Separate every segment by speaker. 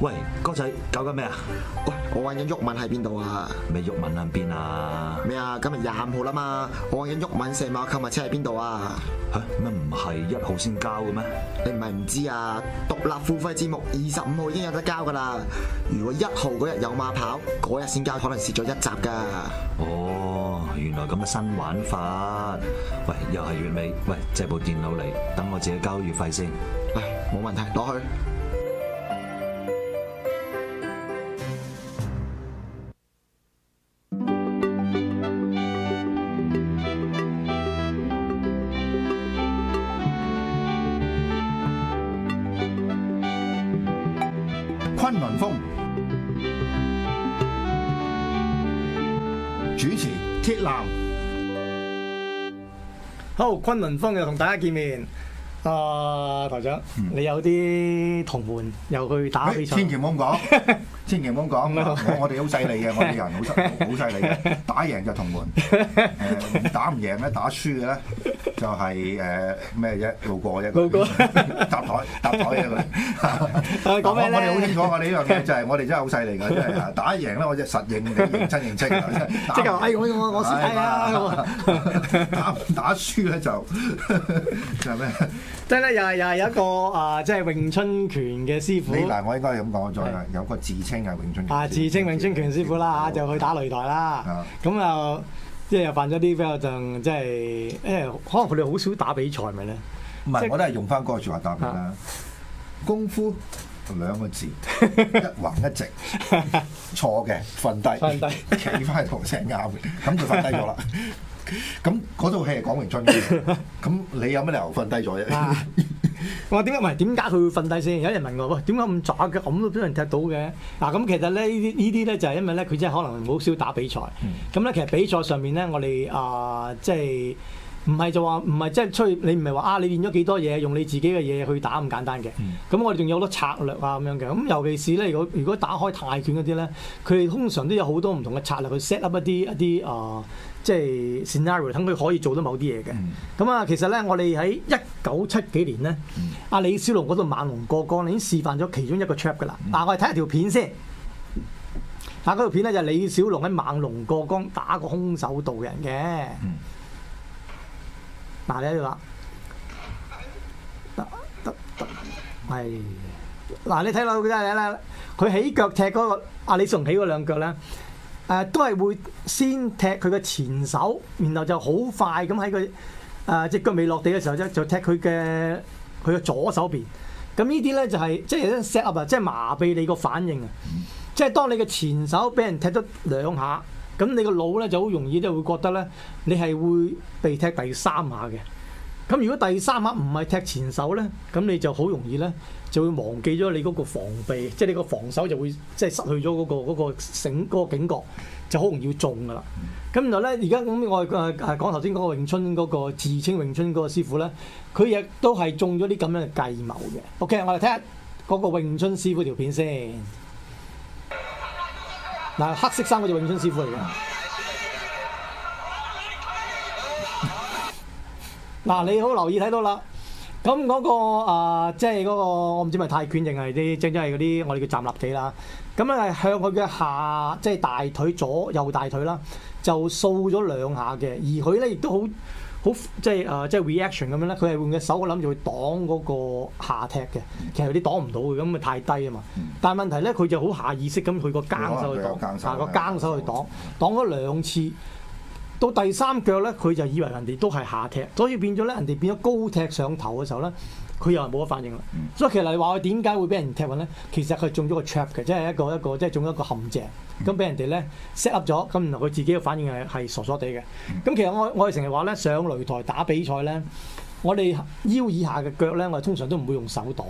Speaker 1: 喂，哥仔，搞緊咩啊？喂，我揾緊玉文喺邊度啊？咪玉文喺邊啊？咩啊？今日廿五號啦嘛，我揾緊玉文四碼購物車喺邊度啊？吓，乜唔係一號先交嘅咩？你唔係唔知啊？獨立付費節目二十五號已經有得交噶啦。如果一號嗰日有馬跑，嗰日先交，可能蝕咗一集噶。
Speaker 2: 哦，原來咁嘅新玩法。喂，又係月尾。喂，借部電腦嚟，等我自己交月費先。唉，冇問題，攞去。崑崙風又同大家見面。啊，台長，你有啲同門又去打比賽？千祈唔好講，千祈唔
Speaker 1: 好講。我哋好犀利嘅，我哋人好犀好犀利嘅。打贏就同門，誒、呃、打唔贏咧，打輸嘅咧就係誒咩嘢路過一個搭台搭台嘅。我我哋好清楚我哋呢樣嘢，就係我哋真係好犀利嘅，真係打贏咧，我哋實認你認真認真。打唔打輸咧就 就咩？
Speaker 2: 即係咧，又係又係有一個啊，即係詠春拳嘅師傅。你嗱，我應該係咁講，再有個自稱係詠春拳啊，自稱詠春拳師傅啦嚇，就去打擂台啦。咁啊，即係又犯咗啲比較就即係，因為可能佢哋好少打比賽，咪咧。唔係，我都
Speaker 1: 係用翻嗰句話答啦。功夫兩個字，一橫一直，錯嘅瞓低，企返頭先壓回，
Speaker 2: 咁就瞓低咗啦。咁嗰套戲係講明春嘅，咁
Speaker 1: 你有乜理由瞓低咗啫？啊、
Speaker 2: 我點解唔係？點解佢會瞓低先？有人問我喂，點解咁渣嘅咁都俾人踢到嘅？嗱、啊，咁其實咧呢啲呢啲咧就係因為咧佢真係可能好少打比賽，咁咧、嗯、其實比賽上面咧我哋、呃就是、啊即係唔係就話唔係即係出你唔係話啊你練咗幾多嘢，用你自己嘅嘢去打咁簡單嘅，咁、嗯、我哋仲有好多策略啊咁樣嘅，咁尤其是咧，如果如果打開泰拳嗰啲咧，佢哋通常都有好多唔同嘅策略去 set up 一啲一啲啊。即係 scenario 等佢可以做到某啲嘢嘅。咁啊、嗯嗯嗯，其實咧，我哋喺一九七幾年咧，阿李小龍嗰套《猛龍過江》已經示範咗其中一個 trap 嘅、嗯嗯、啦。嗱，我哋睇下條片先。嗱、嗯嗯啊，嗰條片咧就李小龍喺《猛龍過江》打個空手道人嘅。嗱，你睇度啦，得係。嗱，你睇落佢真係咧，佢起腳踢嗰、那個阿、啊、李小龍起嗰兩腳咧。誒、啊、都係會先踢佢嘅前手，然後就好快咁喺佢誒隻腳未落地嘅時候，就就踢佢嘅佢嘅左手邊。咁呢啲咧就係、是、即係 set up 啊，即係麻痹你個反應啊！即係當你嘅前手俾人踢咗兩下，咁你個腦咧就好容易即係會覺得咧，你係會被踢第三下嘅。咁如果第三下唔係踢前手咧，咁你就好容易咧，就會忘記咗你嗰個防備，即係你個防守就會即係失去咗嗰個嗰個醒嗰個警覺，就好容易中噶啦。咁原來咧，而家咁我係講頭先講詠春嗰個自稱詠春嗰個師傅咧，佢亦都係中咗啲咁樣嘅計謀嘅。OK，我哋聽下嗰個詠春師傅條片先。嗱，黑色衫隻詠春師傅嚟嘅。嗱、啊，你好留意睇到啦，咁、嗯、嗰、那個、呃、即係嗰、那個我唔知咪泰拳定係啲正係嗰啲我哋叫站立技啦，咁咧向佢嘅下即係、就是、大腿左右大腿啦，就掃咗兩下嘅，而佢咧亦都好好即係啊、呃、即係 reaction 咁樣咧，佢係用嘅手我諗住去擋嗰個下踢嘅，其實有啲擋唔到嘅，咁啊太低啊嘛，但係問題咧佢就好下意識咁佢個耕手去擋，啊個耕手去擋，擋咗兩次。到第三腳咧，佢就以為人哋都係下踢，所以變咗咧，人哋變咗高踢上頭嘅時候咧，佢又係冇乜反應啦。所以其實你話佢點解會俾人踢暈咧？其實佢中咗個 trap 嘅，即係一個一個，即係中咗一個陷阱。咁俾人哋咧 set up 咗，咁然後佢自己嘅反應係係傻傻地嘅。咁其實我我哋成日話咧，上擂台打比賽咧，我哋腰以下嘅腳咧，我哋通常都唔會用手擋。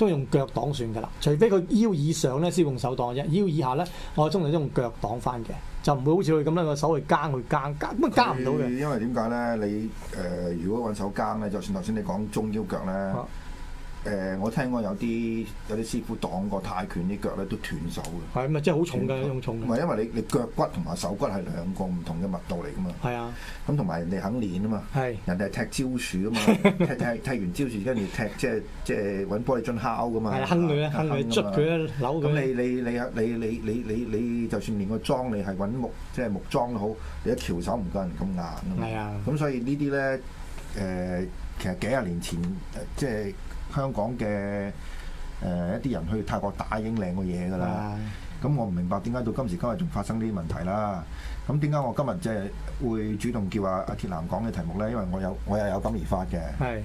Speaker 2: 都用腳擋算㗎啦，除非佢腰以上咧先用手擋啫，腰以下咧我通常都用腳擋翻嘅，就唔會好似佢咁樣個手去掹去掹，咁咪掹唔到嘅。因
Speaker 1: 為點解咧？你誒、呃、如果用手掹咧，就算頭先你講中腰腳咧。啊誒，我聽過有啲有啲師傅擋過泰拳啲腳咧，都斷手嘅。係咪即係好重㗎？重唔係因為你你腳骨同埋手骨係兩個唔同嘅密度嚟㗎嘛。係啊。咁同埋人哋肯練啊嘛。係。人哋係踢蕉樹啊嘛，踢踢踢完蕉樹，跟住踢即係即係揾玻璃樽敲㗎嘛。係啊，㗎，㗎，佢啊，扭咁你你你你你你你就算連個樁你係揾木，即係木樁都好，你一橋手唔夠人咁硬啊嘛。係啊。咁所以呢啲咧誒，其實幾廿年前即係。香港嘅誒、呃、一啲人去泰國打影靚嘅嘢㗎啦，咁、啊、我唔明白點解到今時今日仲發生呢啲問題啦？咁點解我今日即係會主動叫阿、啊、阿鐵男講嘅題目呢？因為我有我又有感而發嘅。係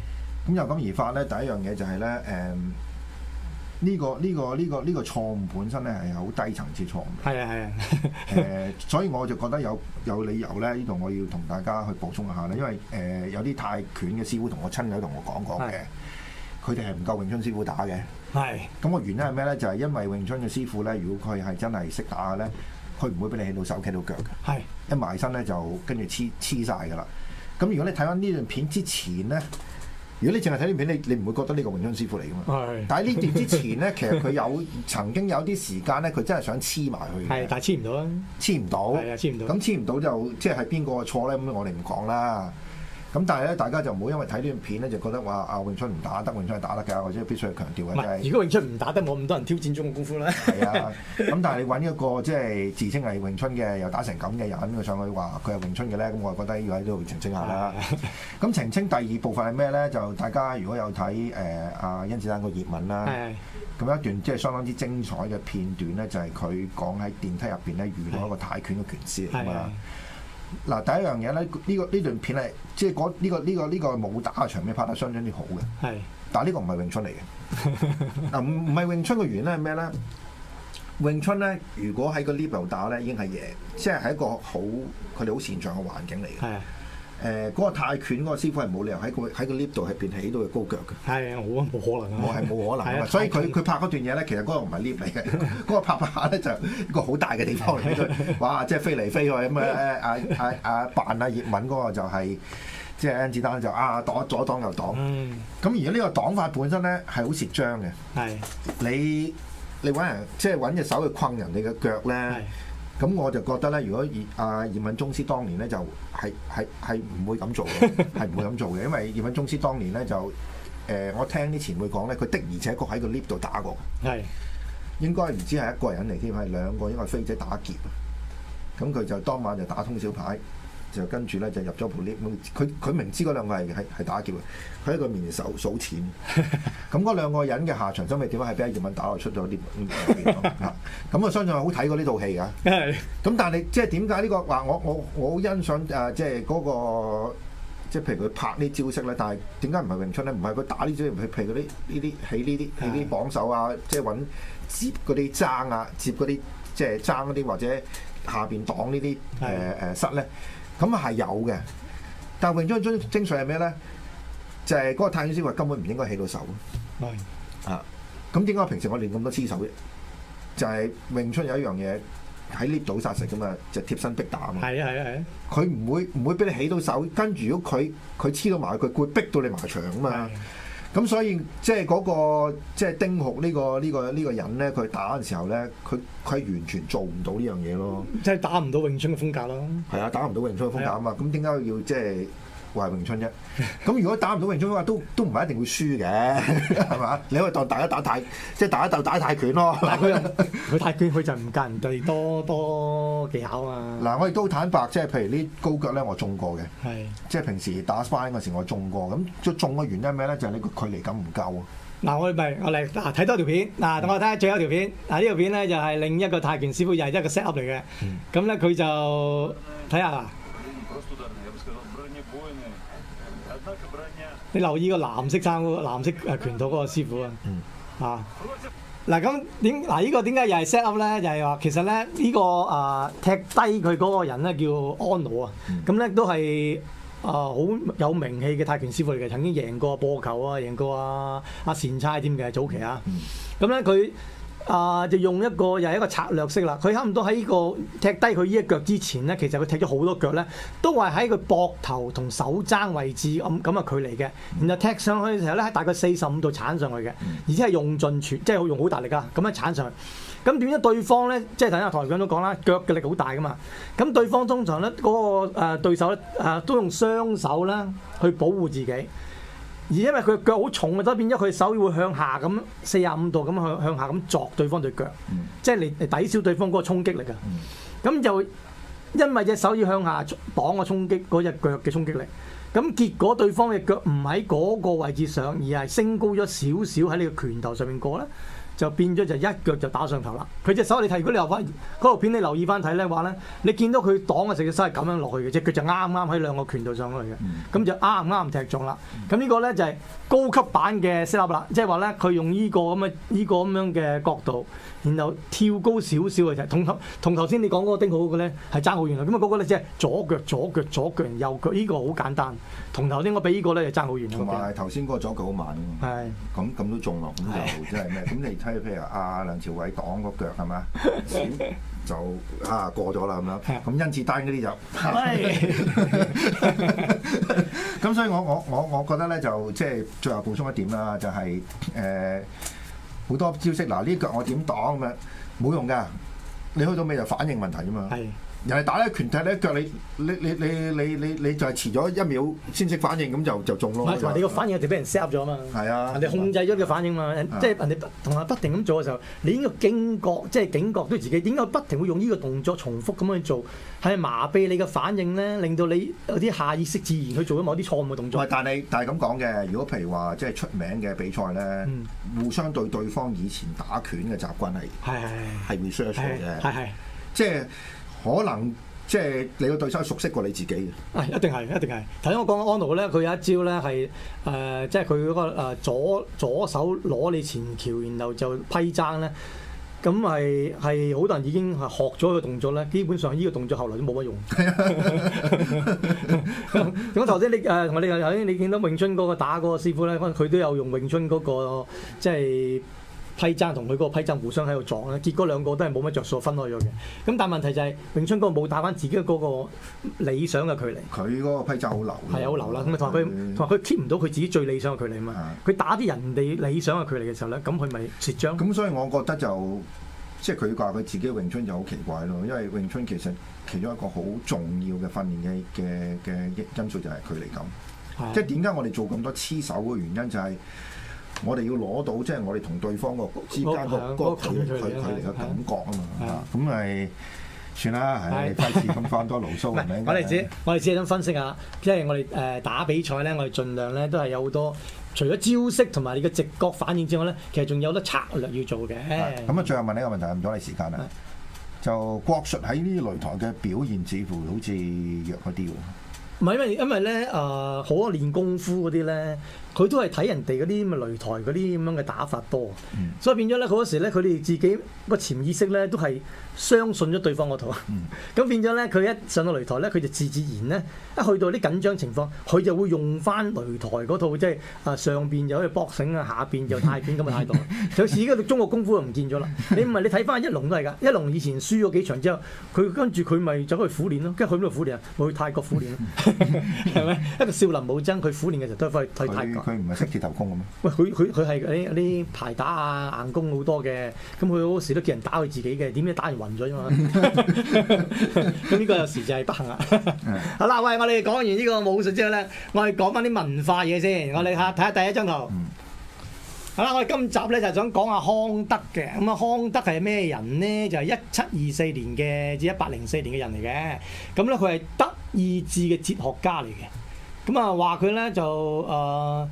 Speaker 1: 咁是的 有感而發呢，第一樣嘢就係咧誒呢個呢、呢個呢、呢個呢、呢個呢個錯誤本身咧係好低層次錯誤。係啊，係啊，所以我就覺得有有理由呢，呢度我要同大家去補充下咧，因為誒、呃、有啲泰拳嘅師傅同我親友同我講講嘅。佢哋係唔夠詠春師傅打嘅，係咁是個原因係咩咧？就係、是、因為詠春嘅師傅咧，如果佢係真係識打嘅咧，佢唔會俾你起到手企到腳嘅，係是一埋身咧就跟住黐黐曬㗎啦。咁如果你睇翻呢段片之前咧，如果你淨係睇呢段片，你你唔會覺得呢個詠春師傅嚟㗎嘛。係
Speaker 2: 是。但係呢段之前
Speaker 1: 咧，其實佢有 曾經有啲時間咧，佢真係想黐埋去。係，但係黐唔到啊，黐唔到。係，黐唔
Speaker 2: 到。咁
Speaker 1: 黐唔到就即係邊個嘅錯咧？咁我哋唔講啦。咁但係咧，大家就唔好因為睇呢段片咧，就覺得話阿詠春唔打，打，打得，詠春係打得㗎，或者必須係強調嘅。唔係，
Speaker 2: 如果詠春唔打得，冇咁多人挑戰中嘅功夫啦。係 啊，
Speaker 1: 咁但係你揾一個即係、就是、自稱係詠春嘅，又打成咁嘅人，佢上去話佢係詠春嘅咧，咁我就覺得要喺度澄清下啦。咁、啊、澄清第二部分係咩咧？就大家如果有睇誒阿甄子丹個葉問啦，咁、啊、一段即係、就是、相當之精彩嘅片段咧，就係、是、佢講喺電梯入邊咧遇到一個泰拳嘅拳師啊嘛。的的嗱，第一樣嘢咧，呢、這個呢段片係即係呢、那個呢、這個呢、這個武打嘅場面拍得相當之好嘅。係是，但係呢個唔係詠春嚟嘅。唔唔係詠春嘅原因係咩咧？詠春咧，如果喺個 lift 打咧，已經係贏，即係係一個好佢哋好擅長嘅環境嚟嘅。係。誒嗰、呃，那個泰拳嗰個師傅係冇理由喺個喺個 lift 度係邊起到嘅高腳嘅，係我冇可能，我係冇可能啊！所以佢佢拍嗰段嘢咧，其實嗰個唔係 lift 嚟嘅，嗰個拍拍下咧就一個好大嘅地方嚟嘅，哇！即係飛嚟飛去咁啊阿啊！扮阿葉問嗰個就係即係甄子丹就啊擋、啊、左擋右擋，咁、嗯、而家呢個擋法本身咧係好折張嘅，係是的 你你揾人即係揾隻手去困人哋嘅腳咧。咁我就覺得咧，如果葉啊葉問宗師當年咧，就係係係唔會咁做，嘅。係唔會咁做嘅，因為葉問宗師當年咧就誒、呃，我聽啲前輩講咧，佢的而且確喺個 lift 度打過，係是應該唔知係一個人嚟添，係兩個因為飛仔打劫，咁佢就當晚就打通小牌。就跟住咧，就入咗部 lift。佢佢明知嗰兩個係係打劫，嘅，佢喺個面手數錢。咁嗰兩個人嘅下場收尾點啊？係俾葉問打落出咗啲。咁我相信係好睇過呢套戲㗎。咁但係即係點解呢個話我我我好、這個、我我我欣賞誒、呃，即係嗰、那個即係譬如佢拍呢招式咧，但係點解唔係詠春咧？唔係佢打呢招，譬如嗰啲呢啲起呢啲起啲膀手啊，即係揾接嗰啲爭啊，接嗰啲即係爭嗰啲或者下邊擋呢啲誒誒塞咧？呃咁啊係有嘅，但係詠春精精髓係咩咧？就係、是、嗰個太師少根本唔應該起到手咯。
Speaker 2: 哎、
Speaker 1: 啊，咁點解平時我練咁多黐手啫？就係、是、詠春有一樣嘢喺呢倒殺食㗎嘛，就是、貼身逼打嘛。係啊係啊係啊！佢唔會唔會俾你起到手，跟住如果佢佢黐到埋，佢會逼到你埋牆㗎嘛。咁所以即係嗰個即係丁浩呢個呢個呢個人咧，佢打嘅時候咧，佢佢係完全做唔到呢樣嘢咯，即係打唔到詠春嘅風格咯。係啊，打唔到詠春嘅風格啊嘛，咁點解要即係？我係春啫，咁如果打唔到榮春嘅話，都都唔一定會輸嘅，係嘛？你可以當大家打太，即係打一鬥打太拳咯。但佢，
Speaker 2: 佢泰拳佢就唔介人對多多技巧啊。嗱，我哋都坦白，即係
Speaker 1: 譬如呢高腳咧，我中過嘅。係是。即係平時打 spine 嗰時，我中過。咁即中嘅原
Speaker 2: 因咩咧？就係、是、你個
Speaker 1: 距離感唔夠
Speaker 2: 啊。嗱，我咪我嚟嗱，睇多條片嗱，等我睇下最後一條片。嗱，呢條片咧就係、是、另一個泰拳師傅又係一個 set up 嚟嘅。嗯。咁咧，佢就睇下。你留意個藍色衫、藍色誒拳套嗰個師傅、嗯、啊，嚇！嗱咁點嗱？依、這個點解又係 set up 咧？就係、是、話其實咧，依、這個啊、呃、踢低佢嗰個人咧叫安奴啊，咁咧都係啊好有名氣嘅泰拳師傅嚟嘅，曾經贏過波球啊，贏過啊阿、啊、善差添嘅早期啊，咁咧佢。嗯啊啊、呃！就用一個又係一個策略式啦。佢差唔多喺呢、這個踢低佢呢一腳之前咧，其實佢踢咗好多腳咧，都係喺佢膊頭同手踭位置咁咁嘅距離嘅。然後踢上去嘅時候咧，喺大概四十五度鏟上去嘅，而且係用盡全，即係用好大力噶。咁樣鏟上去。咁點解對方咧，即係等先台長都講啦，腳嘅力好大噶嘛。咁對方通常咧嗰、那個誒、呃、對手咧誒都用雙手啦去保護自己。而因為佢腳好重嘅，咁變咗佢手要向下咁四十五度咁向向下咁鑿對方對腳，即係你抵消對方嗰個衝擊力嘅。咁就因為隻手要向下擋個衝擊，嗰隻腳嘅衝擊力，咁結果對方嘅腳唔喺嗰個位置上，而係升高咗少少喺你個拳頭上面過咧。就變咗就一腳就打上頭啦！佢隻手你睇，如果你留意嗰部片，你留意翻睇咧話咧，你見到佢擋嘅成隻手係咁樣落去嘅啫，腳就啱啱喺兩個拳度上咗嚟嘅，咁就啱啱踢中啦。咁呢個咧就係高級版嘅 set up 啦，即係話咧佢用呢個咁嘅呢個咁樣嘅角度。然後跳高少少嘅就同同頭先你講嗰個丁好嘅咧係爭好遠啦，咁啊嗰個咧即係左腳左腳左腳右腳，呢個好簡單。同頭先我比個呢個咧就爭好遠。同埋頭先嗰個左腳好慢。係是。咁咁都中落，咁是就即係咩？咁 你睇譬如阿、啊、梁朝偉
Speaker 1: 擋個腳係嘛？ 就啊過咗啦咁樣。咁甄子丹嗰啲就咁，所以我我我我覺得咧就即係最後補充一點啦、就是，就係誒。好多招式，嗱，呢腳我點擋咁樣？冇用㗎，你去到尾就反應問題啫嘛。係。人哋打咧拳踢咧腳，你你你你你你就係遲咗一秒先識反應，咁就就中咯。唔係你個反應就俾人
Speaker 2: set 咗啊嘛。係啊，人哋控制咗佢反應嘛，即係人哋同埋不停咁做嘅時候，你應該警覺即係警覺都自己點解不停會用呢個動作重複咁去做，係麻痹你嘅反應咧，令到你有啲下意識自然去做咗某啲錯誤嘅動作。但係但係咁講嘅，如果譬
Speaker 1: 如話即係出名嘅比賽咧，互相對對方以前打拳嘅習慣係係係 research 嘅，即係。可能即係你個對手熟悉過你自己
Speaker 2: 嘅，哎，係一定係一定係。頭先我講安奴咧，佢有一招咧係誒，即係佢嗰個誒左，左手攞你前橋，然後就批踭咧。咁係係好多人已經係學咗個動作咧，基本上呢個動作後來都冇乜用。咁啊， 頭先你誒同我哋頭先你見到詠春嗰個打嗰個師傅咧，可能佢都有用詠春嗰，嗰個即係。批踭同佢個批踭互相喺度撞咧，結果兩個都係冇乜着數，分開咗嘅。咁但係問題就係、是、永春嗰個冇打返自己嗰個理想嘅距離。佢嗰個批踭好流。係好流啦，咁佢同佢同佢 keep 唔到佢自己最理想嘅距離啊嘛。佢的打啲人哋理想嘅距離嘅時候咧，咁佢咪
Speaker 1: 蝕章。咁所以我覺得就即係佢話佢自己永春就好奇怪咯，因為永春其實其中一個好重要嘅訓練嘅嘅嘅因素就係距離感。的即係點解我哋做咁多黐手嘅原因就係、是。我哋要攞到，即係我哋同對方個之間個個佢佢佢嘅感覺啊嘛嚇，咁係算啦，係費事咁花多牢騷。唔係，我哋只
Speaker 2: 我哋只係想分析下，即係我哋誒打比賽咧，我哋儘量咧都係有好多，除咗招式同埋你嘅直覺反應之外咧，其實仲有得策略要做嘅。咁
Speaker 1: 啊，最後問你一個問題，唔阻你時間啦。就國術喺呢啲擂台嘅表現，似乎好似弱一啲喎。唔
Speaker 2: 係，因為因為咧啊，好多練功夫嗰啲咧。佢都係睇人哋嗰啲咁嘅擂台嗰啲咁樣嘅打法多，所以變咗咧，嗰時咧佢哋自己個潛意識咧都係相信咗對方嗰套，咁變咗咧，佢一上到擂台咧，佢就自自然咧一去到啲緊張情況，佢就會用翻擂台嗰套，即係啊上邊有去搏繩啊，下邊有泰拳咁嘅態度。就似而家中國功夫就唔見咗啦，你唔係你睇翻一龍都係㗎，一龍以前輸咗幾場之後，佢跟住佢咪走去苦練咯，跟住去邊度苦練啊？去泰國苦練啊，係咪？ 一個少林武僧？佢苦練嘅時候都係去去泰國。 佢唔係識
Speaker 1: 鐵頭功嘅咩？
Speaker 2: 喂，佢佢佢係啲啲排打啊硬功好多嘅，咁佢好時都叫人打佢自己嘅，點知打完暈咗啫嘛？咁呢個有時就係不幸啦。 嗯、好啦，喂，我哋講完呢個武術之後咧，我哋講翻啲文化嘢先。我哋嚇睇下第一張圖。嗯、好啦，我哋今集咧就想講下康德嘅。咁啊，康德係咩人呢？就係一七二四年嘅至一八零四年嘅人嚟嘅。咁咧，佢係德意志嘅哲學家嚟嘅。咁啊，話佢咧就誒、呃，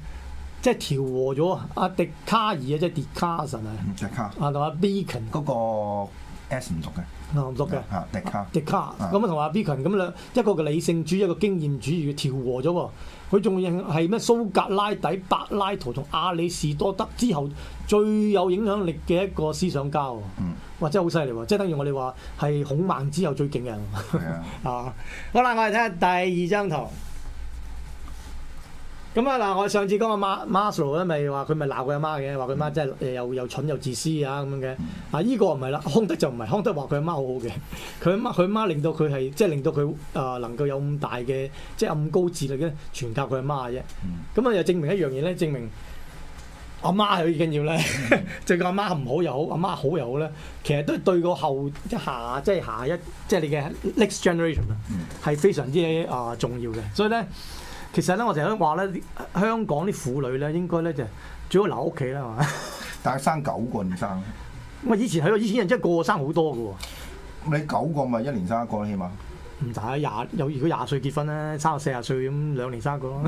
Speaker 2: 即係調和咗阿笛卡爾啊，即係、哦、笛卡神啊，笛卡，啊同阿 Bacon e 嗰個 S 唔讀嘅，唔讀嘅，笛卡，笛卡，咁啊同阿 Bacon e 咁兩一個個理性主義，一個經驗主義嘅調和咗喎，佢仲係咩蘇格拉底、柏拉圖同阿里士多德之後最有影響力嘅一個思想家喎，嗯、哇，真係好犀利喎，即係等於我哋話係孔孟之後最勁嘅，係啊、嗯， 好啦，我哋睇下第二張圖。咁啊嗱，我上次講阿馬馬斯洛咧，咪話佢咪鬧佢阿媽嘅，話佢媽真係又又蠢又自私啊咁樣嘅。啊，依個唔係啦，康德就唔係，康德話佢阿媽好好嘅，佢阿媽佢媽令到佢係即係令到佢啊、呃、能夠有咁大嘅即係咁高智力嘅，全靠佢阿媽嘅啫。咁啊又證明一樣嘢咧，證明阿媽係 好緊要啦。即係阿媽唔好又好，阿媽好又好咧，其實都對個後一下即係、就是、下一即係、就是、你嘅 next generation 啊，係非常之啊、呃、重要嘅。所以咧。其實咧，我成日都話咧，香港啲婦女咧，應該咧就最好留屋企啦，係嘛？但係生九個點生咁、啊、以前喺個以前人真係個個生好多嘅、啊、喎。
Speaker 1: 你九個咪一年生一個起碼。
Speaker 2: 唔大廿有，如果廿歲結婚咧，三十四十歲咁兩年生一個咯。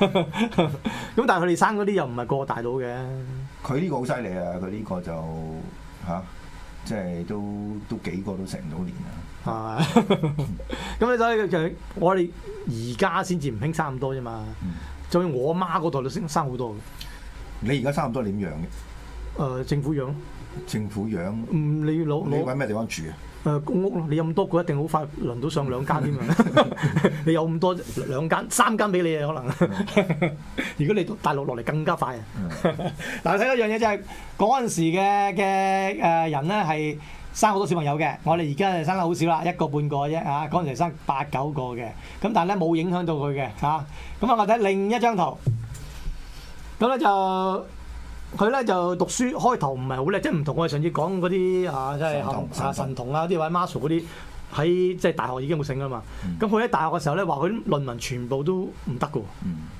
Speaker 2: 咁但係佢哋生嗰啲又唔係個個大到嘅。
Speaker 1: 佢呢個好犀利啊！佢呢個就吓、啊，即係都都幾個都成到年啦、啊。
Speaker 2: 啊！咁你所以就我哋而家先至唔興生咁多啫嘛。就要我媽嗰代都生生好多嘅。你而家生咁多，你點養嘅？誒、呃，政府養。政府養。嗯，你老老。你揾咩地方住啊？誒、呃，公屋你咁多個，一定好快輪到上兩間添啊！你有咁多兩間、三間俾你啊？可能。 如果你到大陸落嚟更加快啊、 就是！但係睇到樣嘢就係嗰陣時嘅嘅誒人咧係。生好多小朋友嘅，我哋而家就生得好少啦，一個半個啫嚇。嗰、啊、陣時生八九個嘅，咁但係咧冇影響到佢嘅嚇。咁啊，我睇另一張圖，咁咧就佢咧就讀書開頭唔係好叻，即係唔同我哋上次講嗰啲嚇，即係神童啊神童啊或者 master 嗰啲喺即係大學已經好醒啦嘛。咁佢喺大學嘅時候咧話佢論文全部都唔得嘅，咁、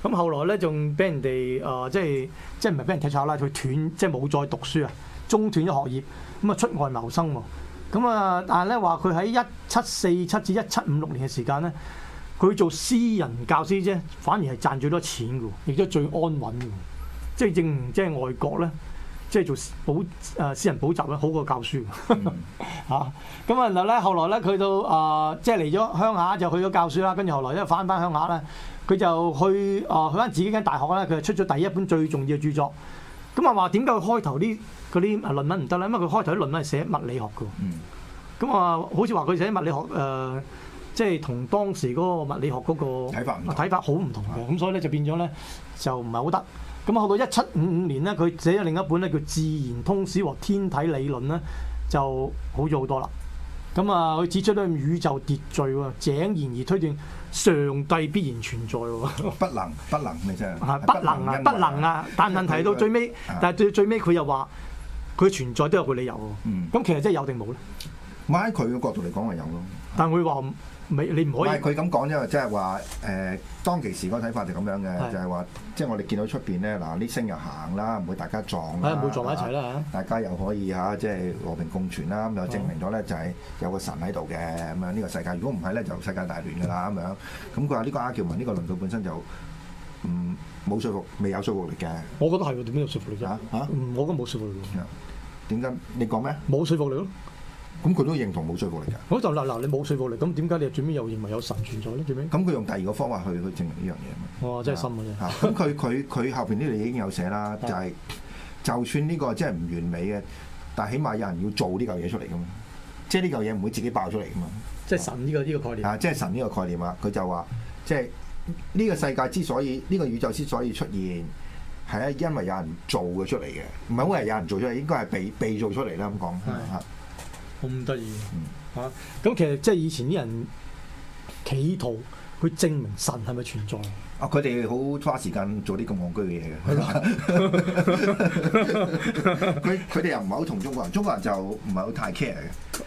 Speaker 2: 嗯、後來咧仲俾人哋誒、呃、即係即係唔係俾人踢出校啦？佢斷即係冇再讀書啊，中斷咗學業。咁啊出外謀生，咁啊但係咧話佢喺一七四七至一七五六年嘅時間咧，佢做私人教師啫，反而係賺最多錢嘅，亦都最安穩嘅，即係正即係外國咧，即係做補誒私人補習咧，好過教書嚇。咁 啊、嗯呃，然後咧後來咧佢到啊即係嚟咗鄉下就去咗教書啦，跟住後來咧翻返鄉下咧，佢就去啊去翻自己間大學啦，佢就出咗第一本最重要嘅著作。咁啊話點解佢開頭啲嗰啲論文唔得咧？因為佢開頭啲論文係寫物理學嘅。咁啊、嗯，好似話佢寫物理學誒，即係同當時嗰個物理學嗰、嗰個睇法睇法好唔同啊！咁、嗯、所以咧就變咗咧就唔係好得。咁啊，去到一七五五年咧，佢寫咗另一本咧叫《自然通史和天體理論》咧，就好咗好多啦。咁啊，佢指出都係宇宙秩序喎、啊，井然而推斷上帝必然存在喎、啊， 不能不能你真係，啊不能啊不能啊，但係提到最尾，但係最最尾佢又話佢、啊、存在都有個理由喎、啊，咁、嗯、其實真係有定冇咧？咪喺佢嘅角度嚟講係有咯 但，但係佢話。你你唔可以，唔係佢
Speaker 1: 咁講，因為即係話誒，當其時嗰個睇法就咁樣嘅，就係話即係我哋見到出邊咧，嗱啲星又行啦，唔會大家撞，唔會撞埋一齊啦，大家又可以嚇即係和平共存啦，咁又證明咗咧就係有個神喺度嘅，咁樣呢個世界，如果唔係咧就世界大亂噶啦，咁樣。咁佢話呢個 argument 呢個論道本身就唔冇說服，未有說服力嘅。
Speaker 2: 我覺得係點解冇說服力㗎？嚇嚇，我覺得冇說服力喎。點解？你講咩？冇說服力咯。咁佢都認同冇說服力㗎。好、哦，就嗱嗱，你冇說服力，咁點解你最屘又認為有神存在咧？最屘。咁佢用第二個方法去去證明呢樣嘢啊嘛。哇、哦！真係深啊吧！嚇， 咁
Speaker 1: 佢佢佢後邊呢度已經有寫啦，的就係就算呢個真係唔完美嘅，但係起碼有人要做呢嚿嘢出嚟㗎嘛。即係呢嚿嘢唔會自己爆出嚟㗎嘛。即係神呢
Speaker 2: 個呢個概念。啊，即、就、係、是、
Speaker 1: 神呢個概念啊！佢就話，即係呢個世界之所以，呢、這個宇宙之所以出現，係咧因為有人做嘅出嚟嘅，唔係因為有人做出嚟，應該係被被做出嚟啦。咁講。
Speaker 2: 咁得意啊！嚇，咁其實即係以前啲人企圖去證明神係咪存在
Speaker 1: 啊？佢哋好花時間做啲咁戇居嘅嘢嘅，佢佢哋又唔係好同中國人，中國人就
Speaker 2: 唔係好太 care 嘅。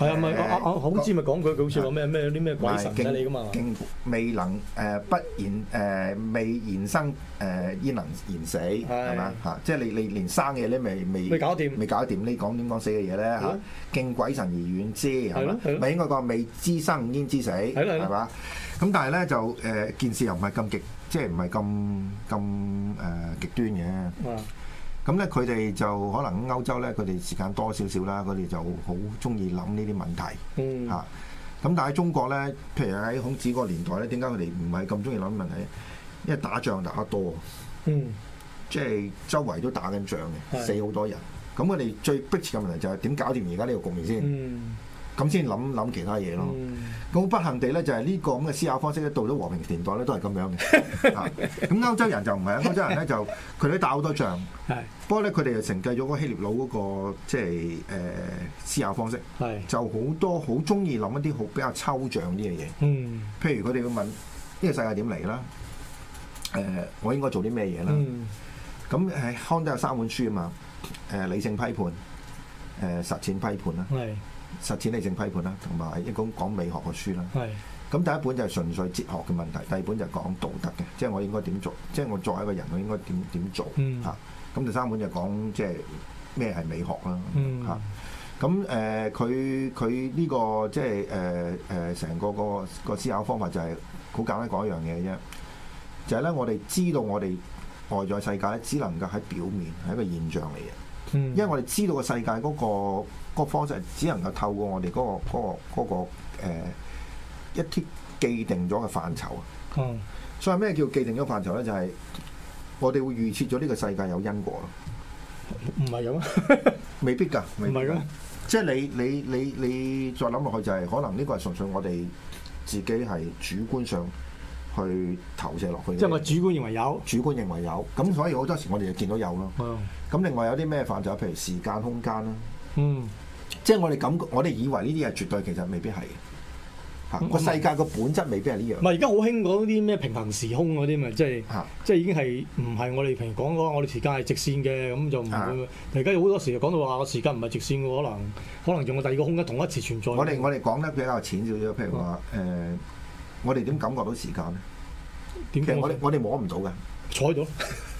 Speaker 2: 係啊，咪我我好知咪講佢佢好似話咩咩啲咩鬼神啫你噶嘛？敬
Speaker 1: 畏未能誒不言誒未言生誒焉能言死係嘛，嚇？即係你你連生嘅嘢你未未未搞掂未搞掂，你講點講死嘅嘢咧，嚇？敬鬼神而遠之係嘛？咪應該講未知生焉知死係嘛？咁但係咧就誒件事又唔係咁極，即係唔係咁咁誒極端嘅。咁咧，佢哋就可能歐洲咧，佢哋時間多少少啦，佢哋就好中意諗呢啲問題嚇。咁、嗯、但係中國咧，譬如喺孔子嗰個年代咧，點解佢哋唔係咁中意諗問題？因為打仗打得多，嗯，即係周圍都打緊仗嘅，嗯、死好多人。咁佢哋最迫切嘅問題就係、是、點搞掂而家呢個局面先。嗯咁先諗諗其他嘢咯。咁、嗯、不幸地咧，就係、是、呢個咁嘅思考方式咧，到咗和平年代咧都係咁樣嘅。咁 歐洲人就唔係啦，歐洲人咧就佢哋打好多仗。
Speaker 2: 係
Speaker 1: 是不過咧，佢哋又承繼咗嗰希臘佬嗰、那個即係誒、呃、思考方式，是就好多好中意諗一啲好比較抽象啲嘅嘢。嗯、譬如佢哋會問呢、這個世界點嚟啦？誒、呃，我應該做啲咩嘢啦？咁誒、嗯嗯、康德有三本書啊嘛。誒、呃，理性批判，誒、呃，實踐批判啦。係。實踐理性批判啦，同埋一本講美學嘅書啦。係是。咁第一本就係純粹哲學嘅問題，第二本就係講道德嘅，即係我應該點做，即係我作為一個人，我應該點點做嚇。咁、嗯、第三本就講即係咩係美學啦
Speaker 2: 嚇。
Speaker 1: 咁誒、嗯，佢佢呢個即係誒誒成個個個思考方法就係、是、好簡單講一樣嘢啫，就係、是、咧我哋知道我哋外在世界咧只能夠喺表面係一個現象嚟嘅。因為我哋知道個世界嗰個嗰個方式，只能夠透過我哋嗰個嗰個嗰個呃一啲既定咗嘅範疇啊。嗯。所以咩叫既定咗範疇咧？就係我哋會預設咗呢個世界有因果咯。唔係咁啊！未必㗎，唔係咁。即係你你你你再諗落去，就係可能呢個係純粹我哋自己係主觀上去投射落去，即係我主觀認為有，主觀認為有，咁所以好多時我哋就見到有咯。咁是、啊、另外有啲咩範疇，譬如時間空間啦，嗯，即係我哋感覺，我哋以為呢啲係絕對，其實未必係嘅。個、嗯、世界個本質未必係呢樣。
Speaker 2: 唔係而家好興講啲咩平行時空嗰啲咪，就是是啊、即係即係已經係唔係我哋平時講嗰個我哋時間係直線嘅，咁就唔會。而家好多時講到話個時間唔係直線嘅，可能可能用個第二個空間同一時存在我們。嗯、我哋我
Speaker 1: 哋講得比較淺少少，譬如話誒。呃我哋點感覺到時間咧？點解？我哋 坐下 đi 其實我哋摸唔到嘅，坐咗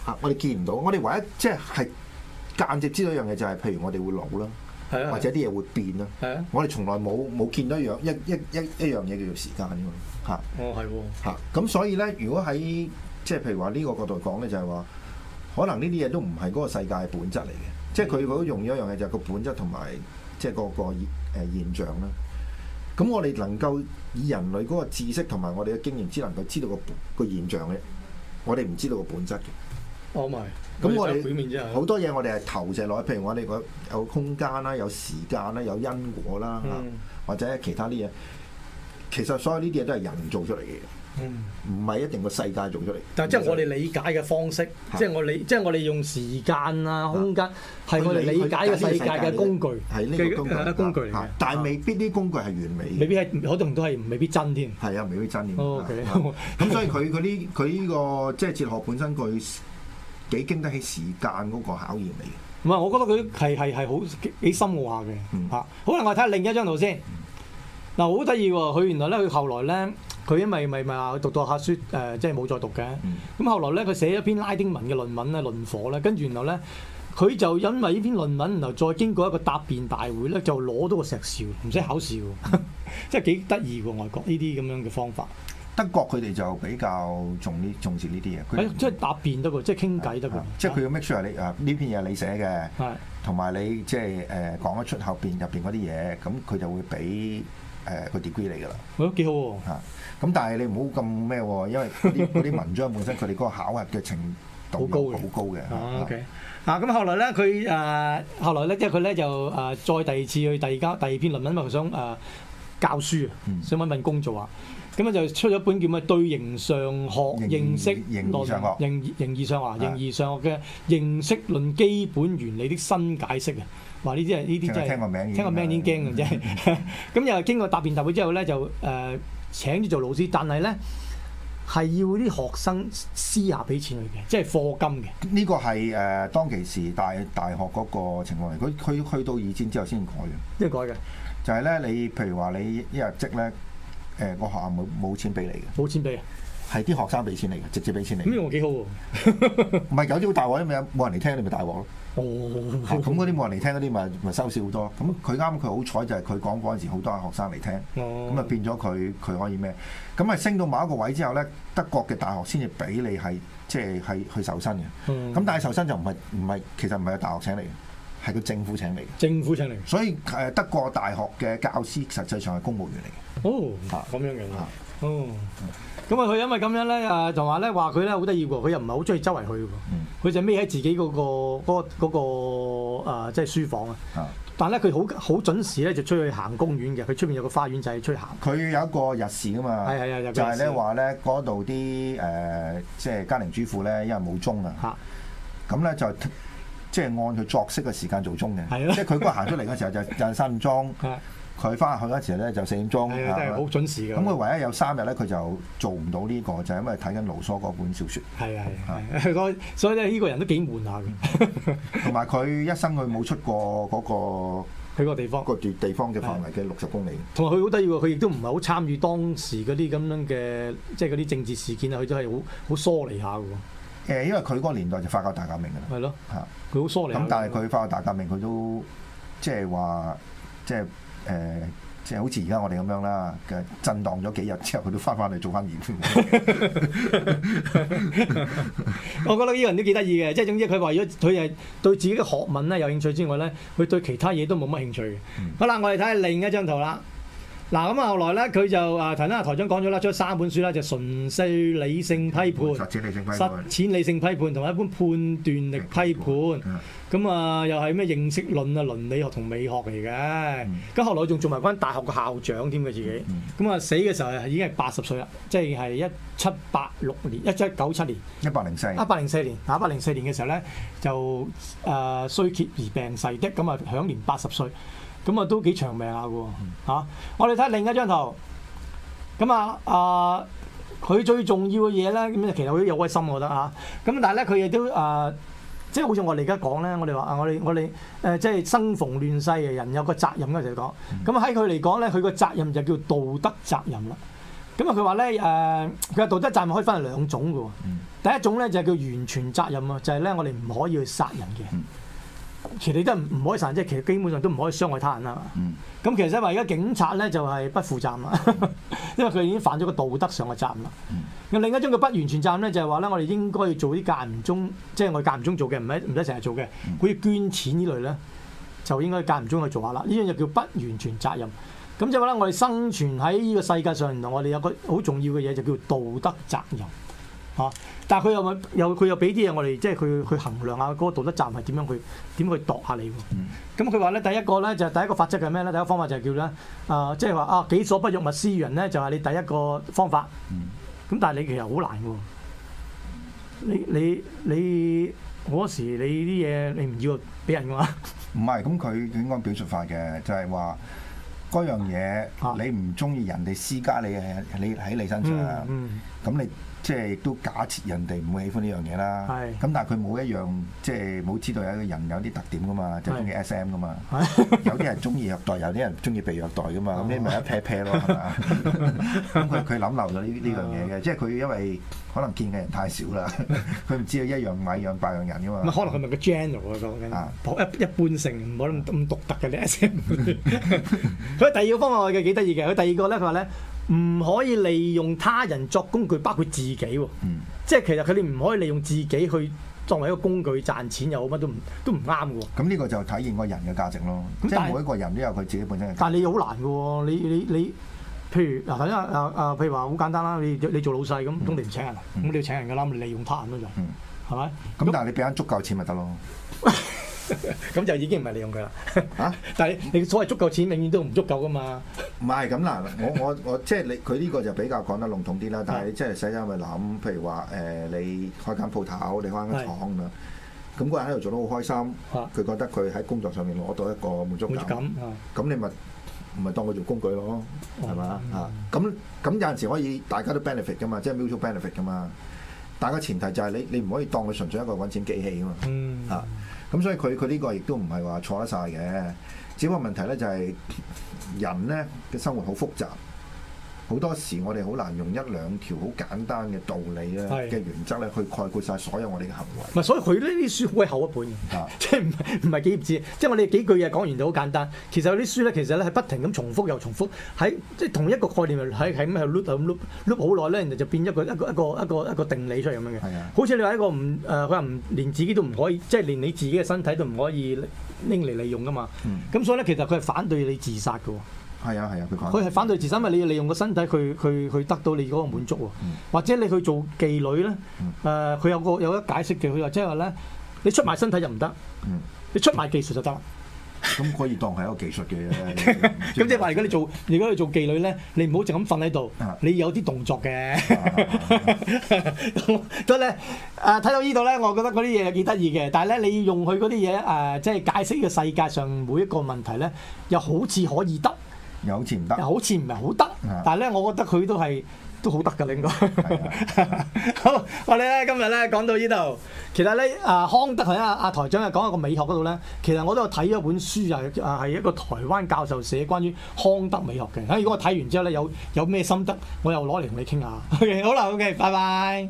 Speaker 1: 嚇，我哋見唔到。我哋唯一即係係間接知道一樣嘢就係，譬如我哋會老啦，啊、或者啲嘢會變啦。啊、我哋從來冇冇見到一樣一一一一樣嘢叫做時間㗎嚇。 oh, 哦，係喎嚇。咁所以咧，如果喺即係譬如話呢個角度講咧，就係、是、話可能呢啲嘢都唔係嗰個世界嘅本質嚟嘅。即係佢好容易一樣嘢，就係個本質同埋即係個個誒現象啦。咁我哋能夠以人類嗰個知識同埋我哋嘅經驗，只能夠知道個個現象嘅，我哋唔知道個本質嘅。哦，
Speaker 2: 唔係，咁我哋
Speaker 1: 好多嘢我哋係投射落，譬如我哋講有空間啦，有時間啦，有因果啦，啊 mm. 或者其他啲嘢，其實所有呢啲嘢都係人做出嚟嘅。嗯，唔係一定個世界做出嚟。
Speaker 2: 但係即係我哋理解嘅方式，即係我理，即係我哋用時間啊、空間，係我哋理解嘅世界嘅工具，係呢個工具，工具嚟嘅。但係未必啲工具係完美，未必係，可能都係未必真添。係
Speaker 1: 啊，未必真添。OK，咁所以佢嗰啲，佢呢個即係哲學本身，佢
Speaker 2: 幾經得起時間嗰個考驗嚟嘅。唔係，我覺得佢係係係好幾深奧下嘅。嗯啊，好啦，我睇下另一張圖先。嗱，好得意喎，佢原來咧，佢後來咧。佢因為咪咪話讀到下書誒，即係冇再讀嘅。咁、嗯、後來咧，佢寫一篇拉丁文嘅論文咧，論火咧，跟住然後咧，佢就因為呢篇論文，然後再經過一個答辯大會咧，就攞到個碩士，唔使考試喎，即係幾得意喎，外國呢啲咁樣嘅方法。德國佢哋就比較重呢重視呢啲嘢。佢即係答辯得㗎，即係傾偈得㗎。即
Speaker 1: 係佢要 make sure 你呢、啊、篇嘢係你寫嘅，同埋、啊、你即係誒講得出後邊入邊嗰啲嘢，咁、啊、佢、啊 yeah. 就會俾誒個 degree 你㗎啦。係、啊、咯，幾好喎。咁但係你唔好咁咩喎？因為嗰啲嗰啲文章本身佢哋嗰個考核嘅程度好高好高嘅。
Speaker 2: 啊，咁後來咧，佢誒後來咧，即係佢咧就誒再第二次去第二間，第二篇論文，咪想誒教書啊，想揾份工做啊。咁啊就出咗一本叫咩對形上學認識，形上學，形形而上學啊，形而上學嘅認識論基本原理的新解釋啊。話呢啲係呢啲真係聽個名已經驚啊，真係。咁又經過答辯答會之後咧，就誒。請住做老師，但係咧係要啲學生私下俾錢佢嘅，即係課金
Speaker 1: 嘅。呢個係誒當其時大大學嗰個情況嚟，佢佢去，去到二戰之後先改嘅。咩改嘅？就係咧，你譬如話你一入職咧，誒、呃、個學校冇冇錢俾你嘅，冇錢俾啊，係啲學生俾錢你嘅，直接俾錢你。咁呢個幾好喎，唔 係有啲好大鑊，因為冇人嚟聽你咪大鑊咯。哦，咁嗰啲冇人嚟聽嗰啲咪咪收少好多。咁佢啱佢好彩就係佢講嗰陣時好多學生嚟聽，咁啊、哦、變咗佢佢可以咩？咁啊升到某一個位之後咧，德國嘅大學先至俾你係即係係去受薪嘅。咁、嗯、但係受薪就唔係唔係其實唔係大學請嚟嘅，係個政府請嚟嘅。政府請嚟。所以誒，德國大學嘅教師實際上係公務員嚟嘅。哦，咁樣樣啊。啊。
Speaker 2: 哦，咁啊，佢因為咁樣咧，誒，就話咧話佢咧好得意喎，佢又唔係好中意周圍去喎，佢就孭喺自己嗰個嗰個嗰個即係書房啊。但係咧，佢好好準時咧，就出去行公園嘅。佢出面有個花園就係出去行。佢有一個日時啊嘛，係係係，就係咧話
Speaker 1: 咧，嗰度啲誒，即係家庭主婦咧，因為冇鐘啊，咁咧就即係按佢作息嘅時間做鐘嘅，的即係佢嗰個行出嚟嘅時候就就係新裝。佢翻去嗰時咧就四點鐘，係啊，真係好準時嘅。咁佢唯一有三日咧，佢就做唔到呢、這個，就係、是、因為睇緊盧梭嗰本小説。係係係，佢講，
Speaker 2: 所以咧呢個人都幾悶下嘅。
Speaker 1: 同埋佢一生佢冇出過嗰、那個，去個地方，個地地方嘅範圍嘅六十公里。
Speaker 2: 同埋佢好得意喎，佢亦都唔係好參與當時嗰啲咁樣嘅，即係嗰啲政治事件啊。佢真係好好疏離下嘅喎。誒，因為佢嗰年代
Speaker 1: 就法國大革命㗎啦。係咯，嚇佢好疏離。咁但係佢法國大革命佢都即係話即係。就是就是就是誒，即係好似而家我哋咁樣啦，嘅震盪咗幾日之後，佢都翻返嚟做翻研究。
Speaker 2: 我覺得呢個人都幾得意嘅，即係總之佢話如果佢係對自己嘅學問咧有興趣之外咧，佢對其他嘢都冇乜興趣嘅。好啦，我哋睇下另一張圖啦。嗱咁啊，後來咧，佢就啊，頭先啊，台長講咗啦，出三本書啦，就是《純粹理性批判》、《實踐理性批判》、《實踐理性批判》批判，同埋一本《判斷力批判》判。咁、嗯、啊，又係咩認識論啊、倫理學同美學嚟嘅。咁、嗯、後來仲做埋返大學個校長添佢自己。咁啊、嗯，死嘅時候已經係八十歲啦，即係係一七八六年，一七九七年，一八零四，一八零四年，一八零四年嘅時候咧，就誒、呃、衰竭而病逝的，咁啊，享年八十歲。咁啊，都幾長命下嘅嚇！我哋睇另一張圖，咁啊，誒、啊，佢最重要嘅嘢咧，咁其實佢有開心，我覺得嚇。咁、啊、但係咧，佢亦都誒，即係好似我哋而家講咧，我哋話啊，我哋我哋誒，即係生逢亂世嘅人有個責任嘅就講。咁喺佢嚟講咧，佢個責任就叫道德責任啦。咁啊，佢話咧誒，佢嘅道德責任可以分為兩種嘅喎。第一種咧就叫完全責任啊，就係、是、咧我哋唔可以去殺人嘅。嗯其實你都唔唔可以殺，即係其實基本上都唔可以傷害他人啦。咁、嗯、其實因為而家警察咧就係、是、不負責任， 因為佢已經犯咗個道德上嘅責任啦。咁、嗯、另一種嘅不完全責任咧，就係話咧，我哋應該要做啲間唔中，即係我哋間唔中做嘅，唔係唔使成日做嘅，好似捐錢呢類咧，就應該間唔中去做下啦。呢樣就叫不完全責任。咁即係話咧，就是、我哋、嗯就是、生存喺呢個世界上，同我哋有個好重要嘅嘢就叫道德責任。啊、但係佢又咪又佢又俾啲嘢我哋，即係佢佢衡量下嗰個道德站係點樣去，點樣去點佢度下你。咁佢話咧，第一個咧就係、是、第一個法則係咩咧？第一個方法就係叫咧，啊、呃，即係話啊，己所不欲，勿施於人咧，就係、是、你第一個方法。咁但係你其實好難嘅。你你你嗰時你啲嘢你唔要俾人嘅話，
Speaker 1: 唔係咁佢應該表述法嘅，就係話嗰樣嘢你唔中意人哋施加你，你係你喺你身上，咁、嗯嗯、你。即係亦都假設人哋唔會喜歡呢樣嘢啦。咁但係佢冇一樣，即係冇知道有一個人有啲特點噶嘛，就中意 S M 噶嘛。有啲人中意虐待，有啲人中意被虐待噶嘛。咁你咪一撇撇咯，係嘛？咁佢佢諗漏咗呢呢樣嘢嘅。即係佢因為可能見嘅人太少啦，佢唔知啊一樣米養百樣人噶
Speaker 2: 嘛。唔係可能佢咪個 general 講緊啊，一一般性唔好咁咁獨特嘅呢 S M。所以第二個方案佢幾得意嘅。佢第二個咧，佢話咧。唔可以利用他人作工具，包括自己喎、哦。嗯、即係其實佢哋唔可以利用自己去作為一個工具賺錢，又好乜都唔都唔啱嘅。咁呢個就體現個人嘅價值咯。但是即係每一個
Speaker 1: 人都有佢自己本身嘅價值。但
Speaker 2: 係你好難嘅、哦，你你你，譬如嗱，等下啊啊，譬如話好簡單啦，你你做老細咁，咁你唔請人，咁、嗯、你要請人嘅啦，咪利用他人咯就，係咪？咁
Speaker 1: 但係你俾翻足夠錢咪得咯。
Speaker 2: 咁 就已經唔係利用佢啦嚇！但係你所謂足夠
Speaker 1: 錢，永遠都唔足夠噶嘛。唔係咁嗱，我我我即係你佢呢個就比較講得籠統啲啦。但係即係使咗咪諗，譬如話誒、呃，你開間鋪頭，你開間廠啊，咁是個人喺度做得好開心，佢、啊、覺得佢喺工作上面攞到一個滿足感。滿足感咁、啊、你咪唔係當佢做工具咯，係咪、嗯啊就是？啊？咁咁有陣時可以大家都 benefit 噶嘛，即係 mutual benefit 噶嘛。但係個前提就係你你唔可以當佢純粹一個揾錢機器啊嘛。嗯。咁所以佢佢呢個亦都唔係話錯得晒嘅，只不過問題咧就係人咧嘅生活好複雜。好多時我哋好難用一兩條好簡單嘅道理咧嘅原則咧去概括晒所有我哋嘅行為，係。唔
Speaker 2: 係，所以佢呢啲書好厚一本嘅，即係唔係唔係幾易知？即係我哋幾句嘢講完就好簡單。其實有啲書咧，其實咧係不停咁重複又重複，喺即係同一個概念，喺喺咁喺 loop 喺 loop loop 好耐咧，人哋就變一個一個一個一個一個定理出嚟咁樣嘅。係啊，好似你話一個唔誒，佢話唔連自己都唔可以，即係連你自己嘅身體都唔可以拎嚟利用噶嘛。咁，嗯，所以咧，其實佢係反對你自殺嘅。
Speaker 1: 係啊，係啊，佢佢係
Speaker 2: 反對自殺，因為你要利用個身體，去佢佢得到你嗰個滿足喎。或者你去做妓女咧，誒，佢有個有得解釋嘅，佢話即係話咧，你出賣身體就唔得，你出賣技術就得。咁可以當係一個技術嘅嘢。咁即係話，如果你做，如果你做妓女咧，你唔好淨咁瞓喺度，你有啲動作嘅。所以咧，誒睇到呢度咧，我覺得嗰啲嘢係幾得意嘅。但係咧，你用佢嗰啲嘢誒，即係解釋呢個世界上每一個問題咧，又好似可以得。又好似唔得，好似唔係好得，但係咧，我覺得佢都係都好得嘅，應該。好，我哋咧今日咧講到呢度。其實咧，啊康德啊，阿台長又講一個美學嗰度咧。其實我都有睇咗本書，又啊係一個台灣教授寫關於康德美學嘅。如果我睇完之後咧，有有咩心得，我又攞嚟同你傾下。好啦，OK，拜拜。